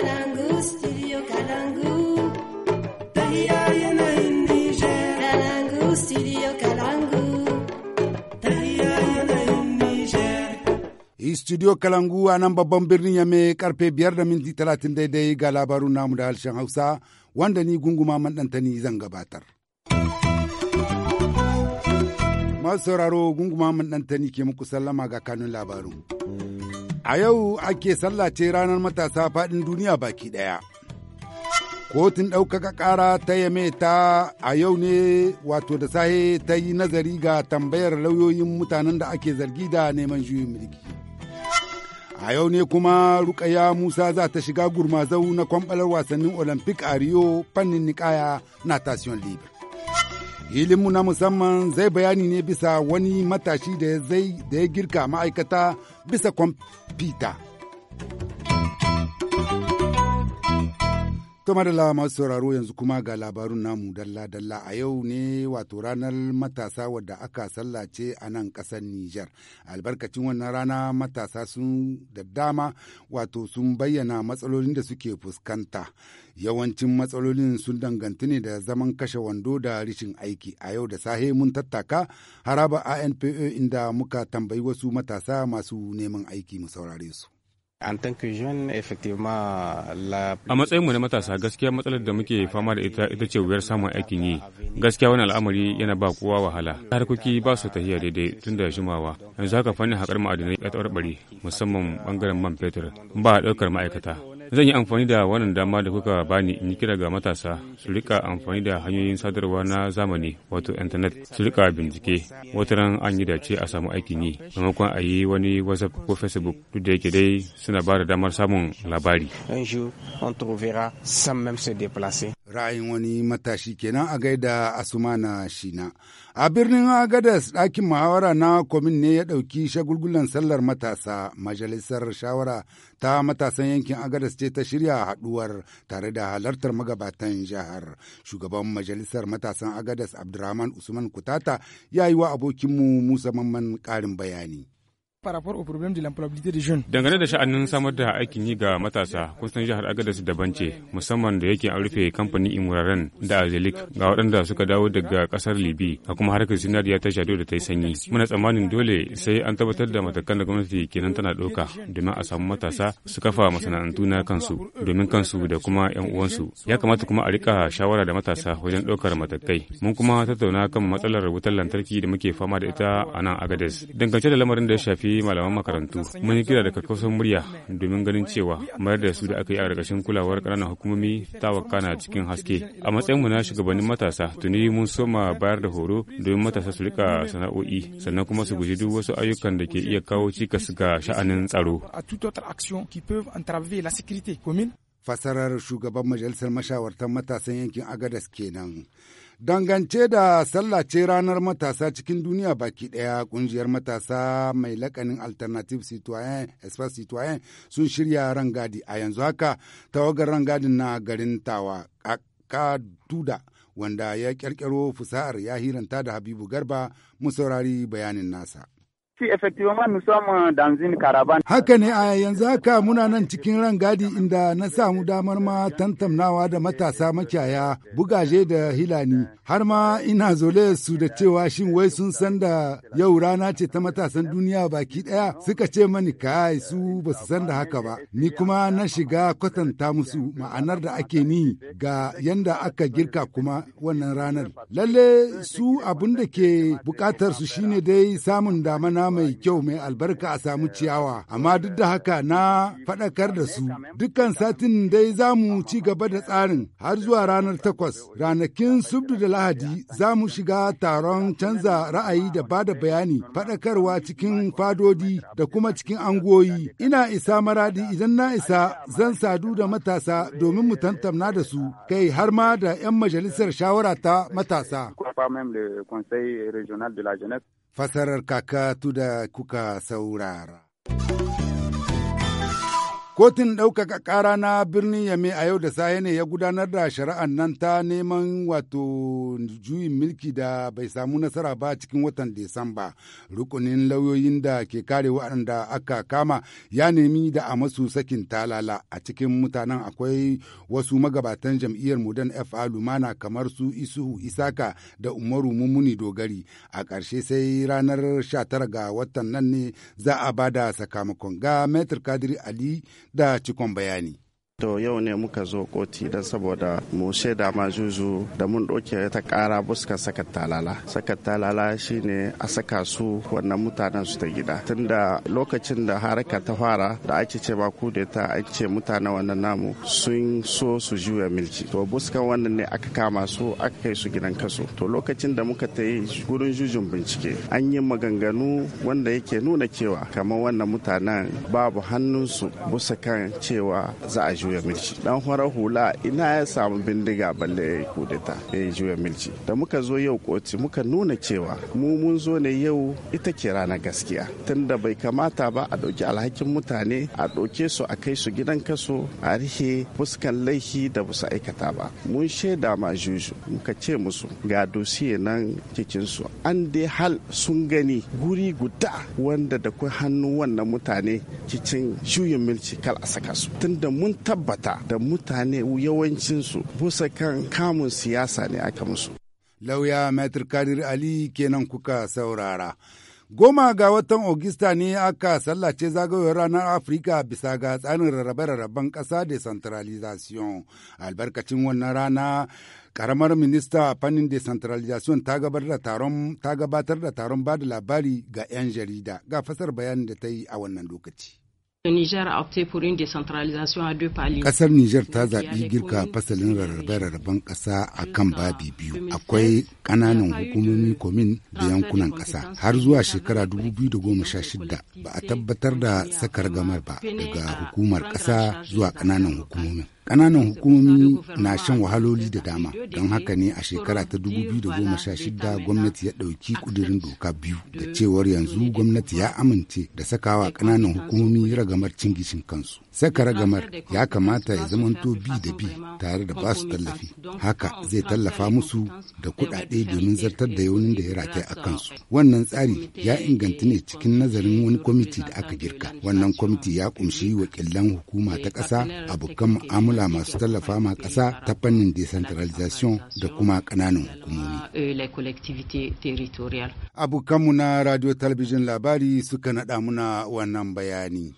Kalangu, studio Kalangu. anan Kalangu, studio Kalangu. Studio Kalangu babban birnin Yame karfe biyar da minti talatin daidai ga labarun namu da harshen Hausa wanda ni gunguma dantani zan gabatar. Masu sauraro gunguma dantani ke muku sallama ga kanun labarun. A yau ake sallace ranar matasa faɗin duniya baki ɗaya. Kotun ɗaukaka ƙara ta yame ta a yau ne wato da sahe ta yi nazari ga tambayar lauyoyin mutanen da ake zargi da neman juyin mulki. A yau ne kuma Rukaya Musa za ta shiga gurmazau na kwamɓalar wasannin Olympic a Rio fannin Nikaya na Tasion Libre. hilinmu na musamman zai bayani ne bisa wani matashi da ya girka ma'aikata bisa kwamfuta. To madalla masu sauraro yanzu kuma ga labarun namu dalla-dalla a yau ne wato ranar matasa wadda aka sallace a nan ƙasar Nijar. Albarkacin wannan rana matasa sun da dama wato sun bayyana matsalolin da suke fuskanta. Yawancin matsalolin sun danganci ne da zaman kashe wando da rishin aiki. A yau da sahe mun tattaka haraba ANPO inda muka tambayi wasu matasa masu neman aiki mu saurare su. A matsayinmu na matasa gaskiya matsalar da muke fama da ita ita ce wuyar samun aikin yi. Gaskiya wani al'amari yana ba kowa wahala. Harkoki ba su tafiya daidai tun da jimawa. Yanzu haka fannin haƙar ma'adinai ya taɓarɓare musamman ɓangaren man fetur ba a ɗaukar ma'aikata. Zan yi amfani da wannan dama da kuka bani in yi kira ga matasa su rika amfani da hanyoyin sadarwa na zamani wato intanet su rika bincike wataran an yi dace a samu aikin yi maimakon a yi wani whatsapp ko facebook duk da yake dai suna ba da damar samun labari. ra'ayin wani matashi kenan a gaida asumana shina a birnin agadas ɗakin muhawara na komin ne ya ɗauki shagulgulan sallar matasa majalisar shawara ta matasan yankin agadas ce ta shirya haɗuwar tare da halartar magabatan jihar shugaban majalisar matasan agadas abdurrahman usman kutata ya yi wa abokinmu musa mamman ƙarin bayani Dangane da sha'anin samar da aikin yi ga matasa, kusan jihar Agadez daban ce, musamman da yake an rufe kamfanin Imuraren da Azelik ga waɗanda suka dawo daga ƙasar Libi, a kuma harkar zinariya ta shado da ta yi sanyi. Muna tsammanin dole sai an tabbatar da matakan da gwamnati kenan tana ɗauka domin a samu matasa su kafa masana'antu na kansu domin kansu da kuma 'yan uwansu. Ya kamata kuma a riƙa shawara da matasa wajen ɗaukar matakai. Mun kuma tattauna kan matsalar wutar lantarki da muke fama da ita a nan Agadez. Dangance da lamarin da ya shafi shafi malaman makarantu mun yi kira da karkasar murya domin ganin cewa mayar da su da aka yi a ƙarƙashin kulawar ƙananan hukumomi ta wakana cikin haske a matsayinmu na shugabannin matasa tuni mun soma bayar da horo domin matasa su rika sana'o'i sannan kuma su guji duk wasu ayyukan da ke iya kawo cikas ga sha'anin tsaro fasarar shugaban majalisar mashawartan matasan yankin agadas kenan Dangance da sallace ranar matasa cikin duniya baki ɗaya ƙungiyar matasa mai lakanin Alternative Citoyen Espace Citoyen sun shirya rangadi a yanzu haka tawagar rangadin na garin Tawa Kaduda wanda ya kyarkyaro fusahar ya hiranta da Habibu Garba mu saurari bayanin nasa. Euh, haka ne a yanzu haka muna nan cikin rangadi inda na samu damar ma tantamnawa da matasa makiyaya bugaje da hilani har ma ina zole su da cewa shin wai sun san da yau rana ce ta matasan duniya baki daya suka ce mani kai su ba su san da haka ba ni kuma na shiga kwatanta musu ma'anar da ake ni ga yanda aka girka kuma wannan ranar lalle su abin da ke bukatar su shine dai samun damana mai kyau mai albarka a samu ciyawa amma duk da haka na faɗakar da su dukkan satin dai za mu ci gaba da tsarin har zuwa ranar takwas ranakin subdu da lahadi za mu shiga taron canza ra'ayi da ba da bayani faɗakarwa cikin fadodi da kuma cikin angoyi ina isa maradi idan na isa zan sadu da matasa domin mu tantamna da su kai har ma da 'yan majalisar shawara ta matasa. fasarar kakatu da kuka saurara. Kotun ɗaukaka ƙara na birnin Yame a yau da safe ne ya gudanar da shari'ar nan ta neman wato juyin mulki da bai samu nasara ba cikin watan Desamba. Rukunin lauyoyin da ke kare waɗanda aka kama ya nemi da a masu sakin talala a cikin mutanen akwai wasu magabatan jam'iyyar Modern FA Lumana kamar su Isuhu Isaka da Umaru mumuni Dogari. A ƙarshe sai ranar 19 ga watan nan ne za a da sakamakon ga Metr Kadiri Ali da cikon bayani. To yau ne muka zo koti don saboda mu shaida ma juju da mun ɗauke ta ƙara buska sakat talala. Sakat talala shine a saka su wannan mutanen su ta gida. Tunda lokacin da haraka ta fara da ake ce ba ku da ta ake ce mutanen wannan namu sun so su juya milki. To buskan wannan ne aka kama su aka kai su gidan kaso. To lokacin da muka ta yi gurin jujun bincike an yi maganganu wanda yake nuna cewa kamar wannan mutanen babu hannunsu busa kan cewa za a juya milci dan farar hula ina ya samu bindiga balle ya yi kudeta ya yi juya milci da muka zo yau koci muka nuna cewa mu mun zo ne yau ita ke rana gaskiya tunda bai kamata ba a ɗauki alhakin mutane a ɗauke su a kai su gidan kaso a rihe fuskan laifi da basu aikata ba mun shaida ma juju muka ce musu ga dosiye nan su an dai hal sun gani guri guda wanda da kai hannu wannan mutane cikin juyin milci kal a saka su tunda mun ta. tabbata da mutane yawancinsu busa kan kamun siyasa ne aka musu. Lauya Maitar Kadir Ali kenan kuka saurara. Goma ga watan Ogista ne aka sallace zagayowar ranar Afirka bisa ga tsarin rarrabe-rarraben ƙasa decentralization. Albarkacin wannan rana karamar minista a fannin decentralization ta gabatar da taron ba da labari ga 'yan jarida ga fasar bayanin da ta yi a wannan lokaci. Kasar Niger ta zaɓi girka fasalin rarrabe-rarraben ƙasa a kan babi biyu. Akwai ƙananan hukumomi komin da yankunan ƙasa. Har zuwa shekara 2016 ba a tabbatar da sakar gamar ba daga hukumar ƙasa zuwa ƙananan hukumomin. ƙananan hukumomi na shan wahaloli da dama don haka ne a shekara ta 2016 gwamnati ya ɗauki ƙudurin doka biyu da cewar yanzu gwamnati ya amince da sakawa ƙananan hukumomi ragamar cin gishin kansu saka ragamar ya kamata ya zamanto bi da bi tare da basu tallafi haka zai tallafa musu da kuɗaɗe domin zartar da yaunin da ya rataya a kansu wannan tsari ya inganta ne cikin nazarin wani kwamiti da aka girka wannan kwamiti ya ƙunshi wakilan hukuma ta ƙasa abokan mu'amala daula masu tallafa ma kasa ta fannin decentralization da kuma ƙananan hukumomi. Abokanmu na radio talabijin labari suka naɗa muna wannan bayani.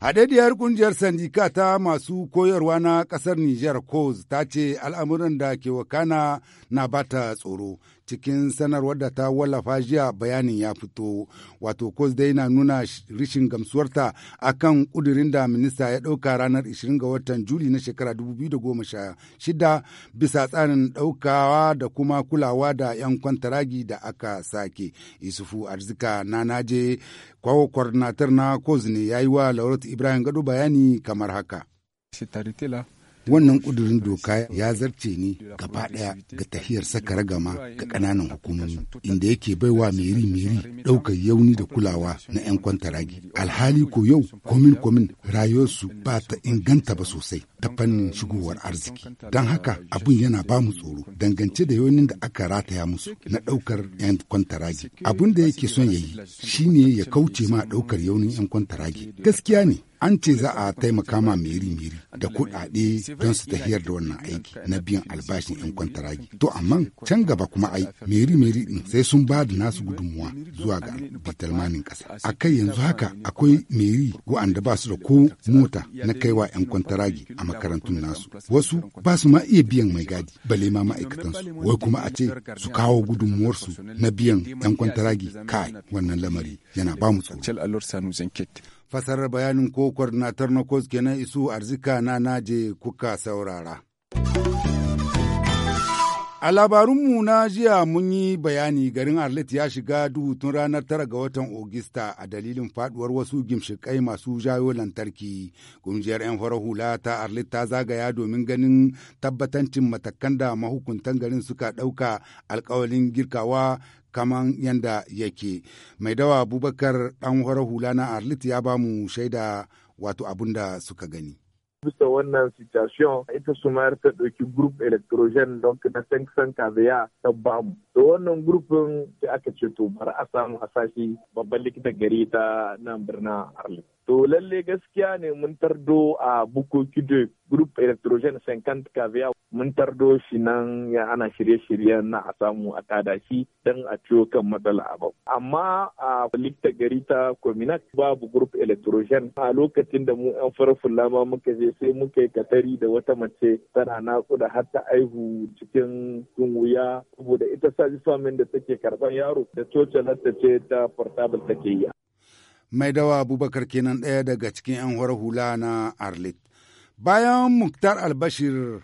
Haɗaɗiyar ƙungiyar sandika ta masu koyarwa na kasar Nijar cos ta ce al'amuran da ke wakana na bata tsoro. cikin sanarwar da ta wallafa jiya bayanin ya fito wato kos dai na nuna rishin gamsuwarta akan kudirin da minista ya ɗauka ranar 20 ga watan juli na shekara 2016 bisa tsarin ɗaukawa da kuma kulawa da 'yan kwantaragi da aka sake isufu arzika na naje kwawo kwarnatar na kos ne ya yi wa laurat ibrahim gado bayani kamar haka. wannan ƙudurin doka ya zarce ni gaba ɗaya ga tahiyar saka ragama ga ƙananan hukumomi inda yake baiwa meri meri ɗaukar yauni da kulawa na 'yan kwantaragi alhali ko yau komin komin rayuwarsu ba ta inganta ba sosai ta fannin shigowar arziki don haka abin yana ba mu tsoro dangance da yonin da aka rataya musu na ɗaukar 'yan kwantaragi abin da yake son ya yi shi ne ya kauce ma ɗaukar yaunin 'yan kwantaragi gaskiya ne an ce za a taimaka ma meri-meri da kuɗaɗe don su tafiyar da wannan aiki na biyan albashin 'yan kwantaragi to amma can gaba kuma ai meri-meri din sai sun ba da nasu gudunmuwa zuwa ga bitalmanin ƙasa a kai yanzu haka akwai meri wa'anda ba su da ko mota na kaiwa 'yan kwantaragi a makarantun nasu wasu ba su ma iya biyan mai gadi bale ma ma'aikatansu wai kuma a ce su kawo gudunmuwarsu na biyan 'yan kwantaragi kai wannan lamari yana ba mu tsoro fasarar bayanin ko kwarnatar na tarnakos kenan isu arzika na naje kuka saurara A labarunmu na jiya mun yi bayani garin Arlit ya shiga duhu tun ranar tara ga watan Ogista a dalilin faduwar wasu gimshikai masu jayo lantarki. Kungiyar 'yan farar hula ta Arlit ta zagaya domin ganin tabbatancin matakan da mahukuntan garin suka ɗauka alkawalin girkawa kaman yanda yake. Mai dawa Abubakar ɗan farar hula na Arlit ya bamu shaida wato abun da suka gani. bisa wannan situation ita sumayar ta ɗauki group electrogen don na san kaviya ta bamu da wannan grupin da aka ce to bari a samu a sashi babban likita gari ta nan birnin arlit to lalle gaskiya ne mun tardo a bukoki da group electrogen 50 kaviya mun tardo shi nan ya ana shirye-shiryen na a samu a tada shi don a ciwo kan matsala a bau. Amma a likta gari ta Kominat babu gurup electrogen a lokacin da mu 'yan farfula ma muka je sai muka yi katari da wata mace tana nakuda har ta aihu cikin wuya saboda ita sajifamin da take karban yaro da cocalar ta ce ta portable take yi. Mai dawa Abubakar kenan ɗaya daga cikin 'yan hula na Arlit. Bayan Muktar Albashir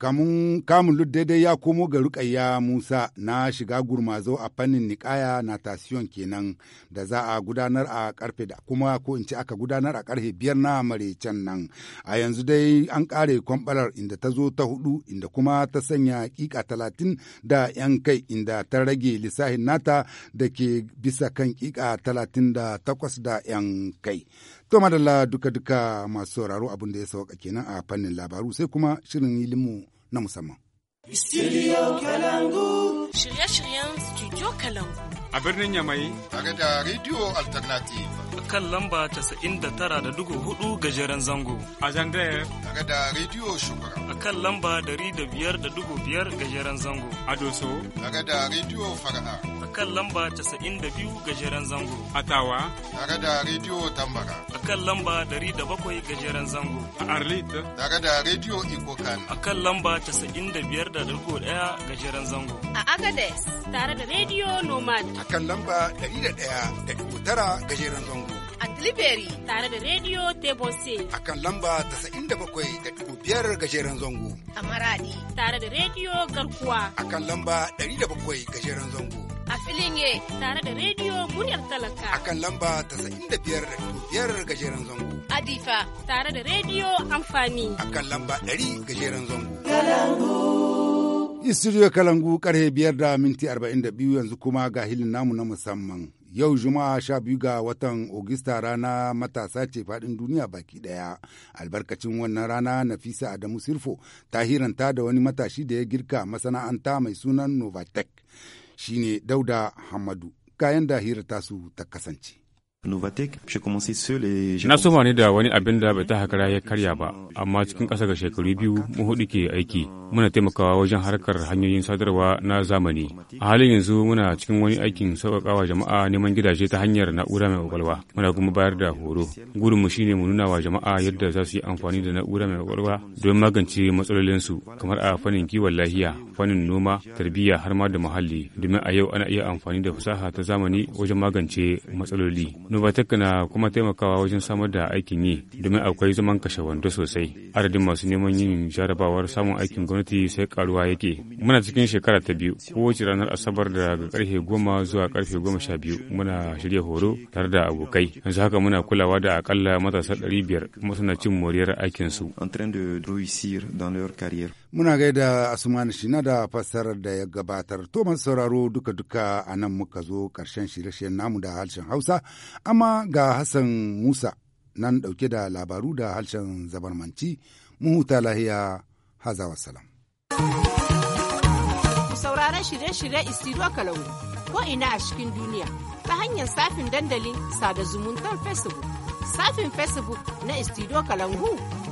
kamun kamun daidai ya komo ga rukayya musa na shiga gurmazo a fannin niƙaya tasiyon kenan da za a gudanar a karfe da kuma ko in ce aka gudanar a karfe biyar na marecen nan a yanzu dai an kare kwambalar inda ta zo ta hudu inda kuma ta sanya kika talatin da yan kai inda ta rage lissahin nata da ke bisa kan kika talatin da takwas da yan kai To madalla duka-duka masu sauraro abin da ya sauka kenan a fannin labaru sai kuma shirin ilimu na musamman. Studio Kalangu. Shirye-shiryen Studio Kalangu. A birnin Yamai. Tare da Radio Alternative. kan lamba 99.4 gajeren zango. A Zandayar. Daga da Radio Shugura. A kan lamba 105.5 gajeren zango. A Doso. Daga da Radio Fara'a. A kan lamba 92 gajeren zango. A Tawa. Daga da Radio Tambara. A kan lamba 107 gajeren zango. A Arlit. Daga da Radio Ikokan. A kan lamba 95.1 gajeren zango. A Agades. Tare da Radio Nomad. A kan lamba 101.9 gajeren zango. a Tilibiri tare da Radio Tebose. A kan lamba da biyar gajeren zango. A Maradi tare da Radio Garkuwa. A kan lamba da bakwai gajeren zango. A Filinge tare da Radio Muryar Talaka. A kan lamba biyar da biyar gajeren zango. A Difa tare da Radio Amfani. A kan lamba dari gajeren zango. Kalangu. Studio Kalangu karhe biyar da minti arba'in da biyu yanzu kuma ga hilin namu na musamman. yau juma'a sha biyu ga watan ogista rana matasa ce faɗin duniya baki ɗaya albarkacin wannan rana nafisa adamu sirfo ta hiranta da wani matashi da ya girka masana'anta mai sunan novatech shine dauda hamadu kayan da hira tasu ta kasance Na soma ne da wani abin da bai ta hakara ya karya ba, amma cikin ƙasa ga shekaru biyu mu hudu ke aiki. Muna taimakawa wajen harkar hanyoyin sadarwa na zamani. A halin yanzu muna cikin wani aikin sauƙaƙawa jama'a neman gidaje ta hanyar na'ura mai ƙwaƙwalwa. Muna kuma bayar da horo. Gurinmu shine mu nuna wa jama'a yadda za su yi amfani da na'ura mai ƙwaƙwalwa don magance matsalolinsu kamar a fannin kiwon lafiya, fannin noma, tarbiyya har ma da muhalli. Domin a yau ana iya amfani da fasaha ta zamani wajen magance matsaloli. Novatec na kuma taimakawa wajen samar da aikin yi domin akwai zaman kashe wando sosai. Adadin masu neman yin jarabawar samun aikin gwamnati sai karuwa yake. Muna cikin shekara ta biyu kowace ranar Asabar daga karfe goma zuwa karfe goma sha biyu muna shirya horo tare da abokai. Yanzu haka muna kulawa da akalla matasa ɗari biyar kuma suna cin moriyar aikinsu. Muna gaida Asumani Shina da fassarar da ya gabatar. To masu sauraro duka-duka a nan muka zo karshen shirye-shiryen namu da harshen Hausa, amma ga Hassan Musa nan ɗauke da labaru da harshen zabarmanci, mun huta lahiya hazawa salam. Sauraron shirye-shirye Isidro Kalangu ko ina a cikin duniya ta hanyar safin dandalin sada zumuntar Facebook. Safin Facebook na Isidro Kalangu